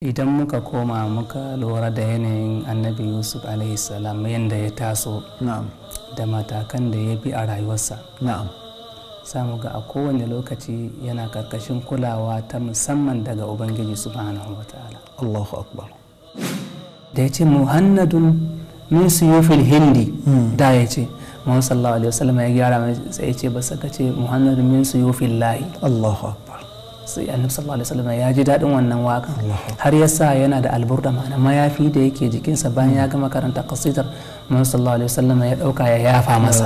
idan muka koma muka lura da yanayin annabi yusuf salam yadda ya taso da matakan da ya bi a rayuwarsa samu ga a kowane lokaci yana karkashin kulawa ta musamman daga ubangiji subhanahu wa ta'ala allahu akbar da ya ce muhannadun min suyufil hindi hmm. da ya ce muhammad sallallahu alaihi wasallam ya gyara sai ya ce ba saka ce muhannadun min suyufil lahi allahu akbar sai annabi sallallahu alaihi wasallam ya ji daɗin wannan wakan har yasa yana da alburda ma'ana mayafi da yake jikinsa bayan ya gama karanta qasidar man sallallahu alaihi wasallam ya dauka ya yafa masa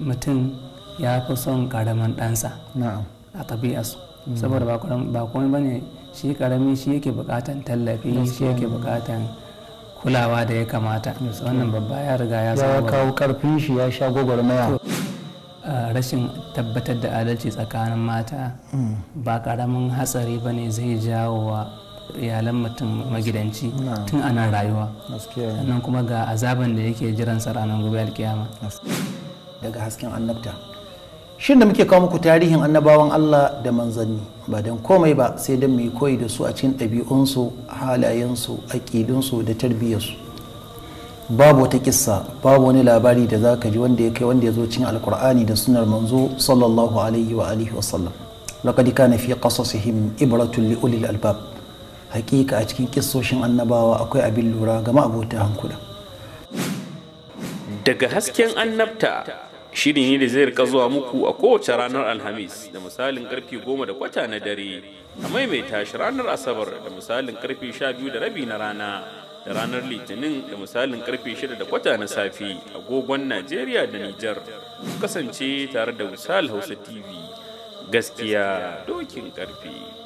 mutum ya fi son karaman ɗansa a tabi'arsu saboda ba komai bane shi karami shi yake bukatan tallafi shi yake bukatan kulawa da ya kamata wannan babba ya riga ya kawo karfin shi ya sha gwagwarmaya Eh, rashin tabbatar da adalci tsakanin mata ba karamin hatsari ba ne zai jawo wa iyalan mutum magidanci tun ana rayuwa sannan kuma ga azaban da yake jiran ranar gobe alkiyama daga hasken annabta shin da muke kawo muku tarihin annabawan Allah da manzanni ba don komai ba sai don mu yi koyi da su a cikin ɗabi'unsu halayensu aƙidunsu da tarbiyyarsu babu wata kissa babu wani labari da za ka ji wanda ya kai wanda ya zo cin alkur'ani da sunar manzo sallallahu alaihi wa alihi wasallam laqad kana fi qasasihim ibratun li ulil albab hakika a cikin kissoshin annabawa akwai abin lura ga ma'abota hankula daga hasken annabta shiri ne da zai rika zuwa muku a kowace ranar alhamis da misalin karfe goma da kwata na dare a maimaita shi ranar asabar da misalin karfe sha biyu da rabi na rana da ranar litinin da misalin karfe 6 da kwata na safe agogon najeriya da nijar kasance tare da misal hausa tv gaskiya dokin karfe